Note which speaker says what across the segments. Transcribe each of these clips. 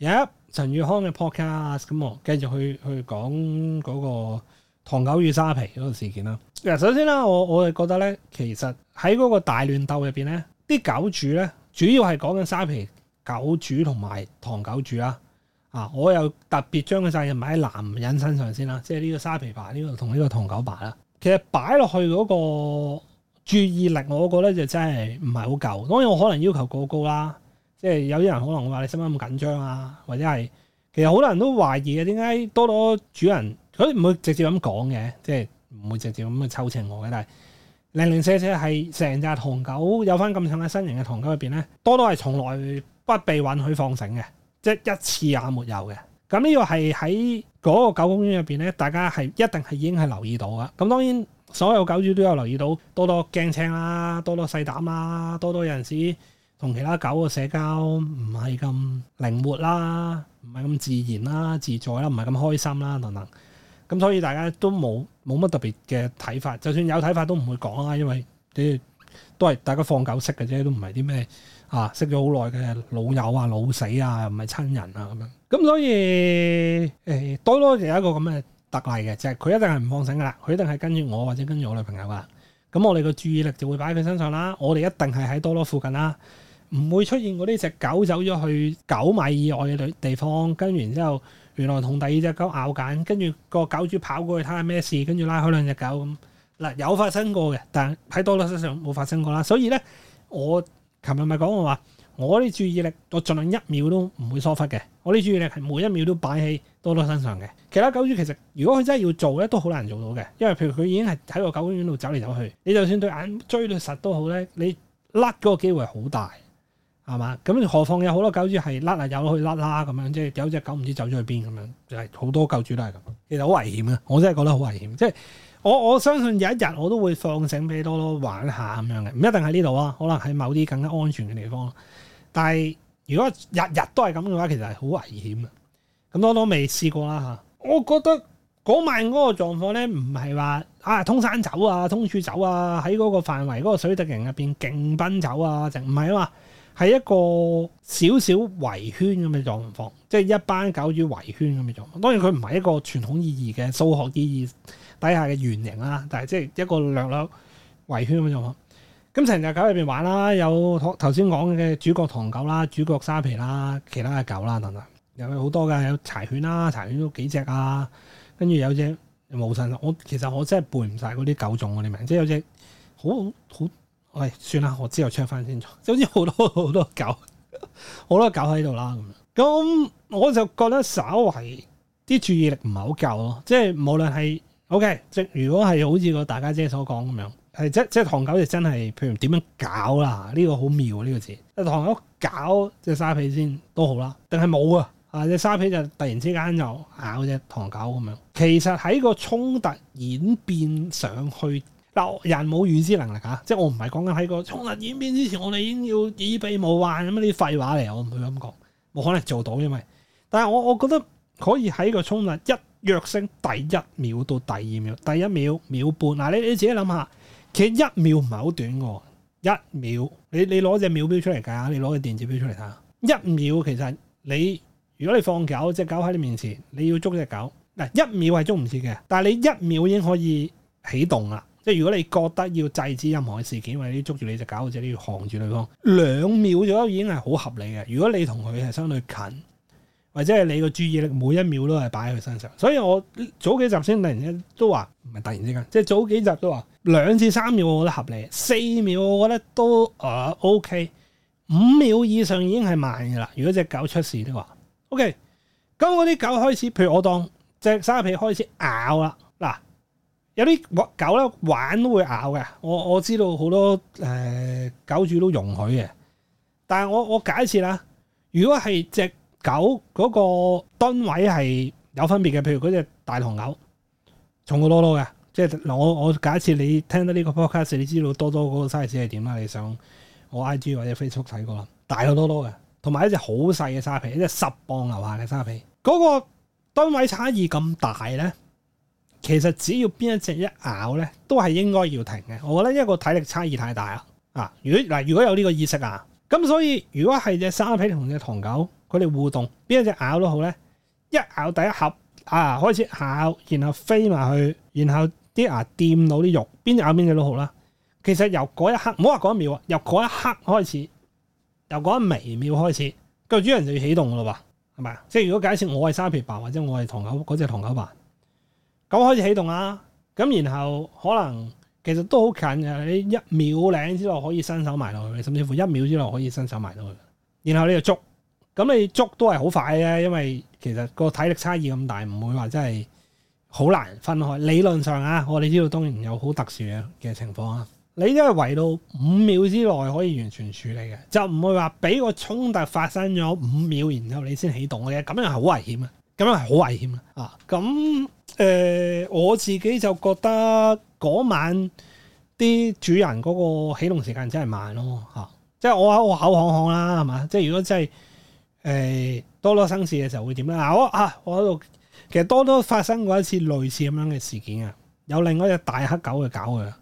Speaker 1: 耶、yeah！陳宇康嘅 podcast 咁，我繼續去去講嗰個唐狗與沙皮嗰個事件啦。嗱，首先啦，我我係覺得咧，其實喺嗰個大亂鬥入邊咧，啲狗主咧，主要係講緊沙皮狗主同埋唐狗主啦。啊，我又特別將個責任埋喺男人身上先啦。即係呢個沙皮爸呢，這個同呢個唐狗爸啦。其實擺落去嗰個注意力，我覺得就真係唔係好夠。當然我可能要求過高啦。即係有啲人可能會話你使乜咁緊張啊，或者係其實好多人都懷疑嘅，點解多多主人佢唔會直接咁講嘅，即係唔會直接咁去抽情我嘅。但係零零舍舍係成隻唐狗，有翻咁上嘅身形嘅唐狗裏面咧，多多係從來不被允許放繩嘅，即係一次也沒有嘅。咁呢個係喺嗰個狗公園入面咧，大家係一定係已經係留意到㗎。咁當然所有狗主都有留意到多多驚青啦，多多細膽啦，多多有陣時，同其他狗嘅社交唔係咁靈活啦，唔係咁自然啦、自在啦，唔係咁開心啦等等。咁所以大家都冇冇乜特別嘅睇法，就算有睇法都唔會講啦，因為都係大家放狗識嘅啫，都唔係啲咩啊識咗好耐嘅老友啊、老死啊，又唔係親人啊咁樣。咁所以、欸、多多就有一個咁嘅特例嘅，就係、是、佢一定係唔放繩噶啦，佢一定係跟住我或者跟住我女朋友啊。咁我哋嘅注意力就會擺喺佢身上啦，我哋一定係喺多多附近啦。唔會出現嗰啲隻狗走咗去九米以外嘅地方，跟住然之後原來同第二隻狗咬緊，跟住個狗主跑過去睇下咩事，跟住拉開兩隻狗咁。嗱，有發生過嘅，但係喺多多身上冇發生過啦。所以咧，我琴日咪講過話，我啲注意力我儘量一秒都唔會疏忽嘅，我啲注意力係每一秒都擺喺多多身上嘅。其他狗主其實如果佢真係要做咧，都好難做到嘅，因為譬如佢已經係喺個狗公園度走嚟走去，你就算對眼追到實都好咧，你甩嗰個機會好大。係嘛？咁何況有好多狗主係甩啊，有咗去甩啦咁樣，即係有隻狗唔知走咗去邊咁樣，就係好多狗主都係咁。其實好危險嘅，我真係覺得好危險。即係我我相信有一日我都會放醒俾多多玩一下咁樣嘅，唔一定喺呢度啊，可能喺某啲更加安全嘅地方。但係如果日日都係咁嘅話，其實係好危險嘅。咁多多未試過啦吓，我覺得嗰晚嗰個狀況咧，唔係話啊通山走啊，通處走啊，喺嗰個範圍嗰個水滴型入邊勁奔走啊，就唔係啊嘛。係一個少少圍圈咁嘅狀況，即係一班狗於圍圈咁嘅狀況。當然佢唔係一個傳統意義嘅數學意義底下嘅圓形啦，但係即係一個略略圍圈咁嘅狀況。咁成日狗入邊玩啦，有頭先講嘅主角唐狗啦，主角沙皮啦，其他嘅狗啦等等，有好多噶，有柴犬啦，柴犬都幾隻啊，跟住有隻無神。我其實我真係背唔晒嗰啲狗種，你明白？即係有隻好好。好喂，算啦，我之後 check 翻清楚。總之好多好多狗，好多狗喺度啦咁咁我就覺得稍為啲注意力唔係好夠咯。即係無論係 OK，即如果係好似個大家姐所講咁樣，係即即唐狗就真係，譬如點樣搞啦？呢個好妙呢個字。係唐狗搞隻沙皮先都好啦，定係冇啊？啊，隻沙皮就突然之間又咬隻唐狗咁樣。其實喺個衝突演變上去。人冇預知能力吓，即係我唔係講緊喺個衝突演變之前，我哋已經要以備無患咁啲廢話嚟，我唔會咁講，冇可能做到，因為。但係我我覺得可以喺個衝突一躍升第一秒到第二秒，第一秒秒半。嗱，你你自己諗下，其實一秒唔係好短嘅，一秒。你你攞隻秒表出嚟㗎，你攞隻電子表出嚟睇下，一秒其實你如果你放狗隻狗喺你面前，你要捉隻狗，嗱一秒係捉唔切嘅，但係你一秒已經可以起動啦。即係如果你覺得要制止任何事件，或者捉住你隻狗，或者你要防住對方，兩秒左右已經係好合理嘅。如果你同佢係相對近，或者係你個注意力每一秒都係擺喺佢身上，所以我早幾集先突然間都話，唔係突然之間，即係早幾集都話兩至三秒，我覺得合理；四秒我覺得都、呃、OK；五秒以上已經係慢噶啦。如果隻狗出事的話，OK。咁嗰啲狗開始，譬如我當隻沙皮開始咬啦，嗱。有啲狗咧玩都會咬嘅，我我知道好多誒、呃、狗主都容許嘅。但係我我假設啦，如果係隻狗嗰個噸位係有分別嘅，譬如嗰隻大唐狗重好多多嘅，即係嗱我我假設你聽到呢個 podcast，你知道多多嗰個 size 係點啦？你上我 IG 或者 Facebook 睇過啦，大好多多嘅，同埋一隻好細嘅沙皮，一隻十磅樓下嘅沙皮，嗰、那個噸位差異咁大咧。其實只要邊一隻一咬咧，都係應該要停嘅。我覺得一個體力差異太大啊！啊，如果嗱，如果有呢個意識啊，咁所以如果係隻沙皮同隻唐狗，佢哋互動，邊一隻咬都好咧，一咬第一盒，啊，開始咬，然後飛埋去，然後啲牙掂到啲肉，邊隻咬邊隻都好啦。其實由嗰一刻，唔好話嗰一秒啊，由嗰一刻開始，由嗰一微秒開始，個主人就要起動噶啦喎，係咪啊？即係如果假設我係沙皮爸，或者我係唐狗嗰隻唐狗爸。咁開始起動啊！咁然後可能其實都好近嘅，你一秒零之內可以伸手埋落去，甚至乎一秒之內可以伸手埋到去。然後你就捉，咁你捉都係好快嘅，因為其實個體力差異咁大，唔會話真係好難分開。理論上啊，我哋知道當然有好特殊嘅情況啊。你都係圍到五秒之內可以完全處理嘅，就唔會話俾個衝突發生咗五秒，然後你先起動嘅。咁樣係好危險啊！咁樣係好危險啊！啊，咁。誒、呃，我自己就覺得嗰晚啲主人嗰個起動時間真係慢咯吓，啊，即係我我口行行啦係嘛，即係如果真係誒、呃、多多生事嘅時候會點咧？嗱，我啊我喺度，其實多多發生過一次類似咁樣嘅事件啊，有另外一隻大黑狗去搞佢嗱，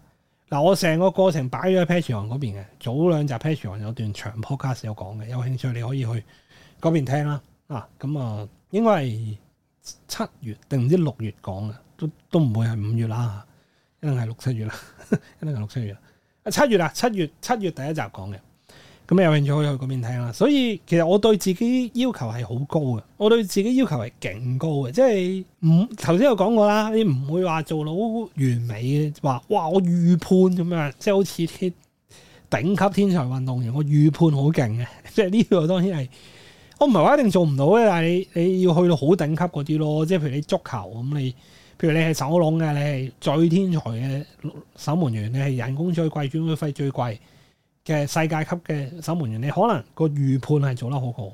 Speaker 1: 啊，我成個過程擺咗喺 Patreon 嗰邊嘅，早兩集 Patreon 有段長 podcast 有講嘅，有興趣你可以去嗰邊聽啦啊，咁、嗯、啊因為。應該七月定唔知六月講嘅，都都唔會係五月啦，一定係六七月啦，一定係六七月。啊七月啊，七月七月，七月第一集講嘅，咁有興趣可以去嗰邊聽啦。所以其實我對自己要求係好高嘅，我對自己要求係勁高嘅，即係唔頭先有講過啦，你唔會話做到完美嘅，話哇我預判咁樣，即係好似啲頂級天才運動員，我預判好勁嘅，即係呢個當然係。我唔係話一定做唔到咧，但係你你要去到好頂級嗰啲咯，即係譬如你足球咁，你譬如你係守龍嘅，你係最天才嘅守門員，你係人工最貴、轉會費最貴嘅世界級嘅守門員，你可能個預判係做得好好。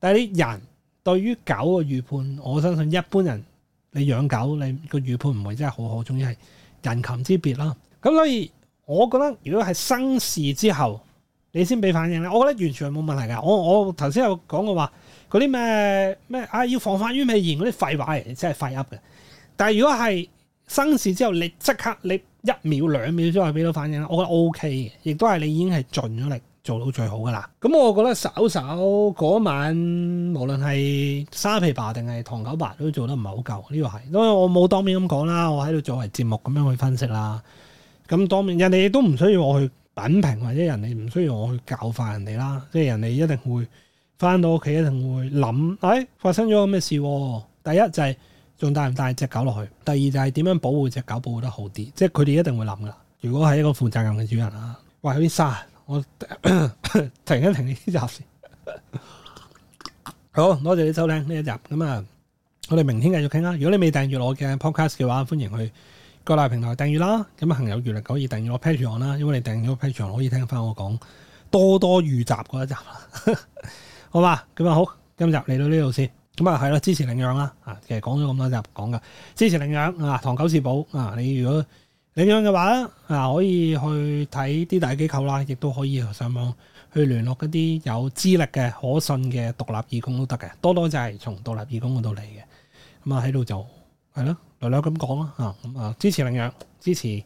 Speaker 1: 但係你人對於狗嘅預判，我相信一般人你養狗，你個預判唔會真係好好，總之係人禽之別啦。咁所以我覺得，如果係生事之後，你先俾反應啦，我覺得完全係冇問題嘅。我我頭先有講過話，嗰啲咩咩啊要防範於未然嗰啲廢話嚟，真係廢噏嘅。但係如果係生事之後，你即刻你一秒兩秒之內俾到反應啦，我覺得 OK 嘅，亦都係你已經係盡咗力做到最好噶啦。咁我覺得稍稍嗰晚無論係沙皮白定係唐九白都做得唔係好夠，呢個係因為我冇當面咁講啦，我喺度作為節目咁樣去分析啦。咁當面人哋亦都唔需要我去。品評或者人哋唔需要我去教化人哋啦，即係人哋一定會返到屋企，一定會諗，哎，發生咗咩事啊？第一就係仲帶唔帶隻狗落去，第二就係點樣保護隻狗保護得好啲，即係佢哋一定會諗㗎啦。如果係一個負責任嘅主人啊，喂，有啲沙，我停一停呢集先。好，多謝，謝你收聽呢一集。咁啊，我哋明天繼續傾啦。如果你未訂閱我嘅 podcast 嘅話，歡迎去。各大平台訂閱啦，咁啊朋友有餘力嘅可以訂閱我 Patreon 啦，因為你訂閱我 Patreon 可以聽翻我講多多預習嗰一集啦，好嘛？咁啊好，今集嚟到呢度先，咁啊係啦，支持領養啦，啊其實講咗咁多集講噶，支持領養啊，唐狗係寶啊，你如果領養嘅話啊，可以去睇啲大機構啦，亦都可以上網去聯絡嗰啲有資歷嘅可信嘅獨立義工都得嘅，多多就係從獨立義工嗰度嚟嘅，咁啊喺度就係咯。略略咁講咯，啊支持領養，支持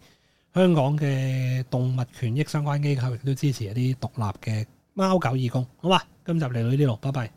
Speaker 1: 香港嘅動物權益相關機構，亦都支持一啲獨立嘅貓狗義工，好嘛？今集嚟到呢度，拜拜。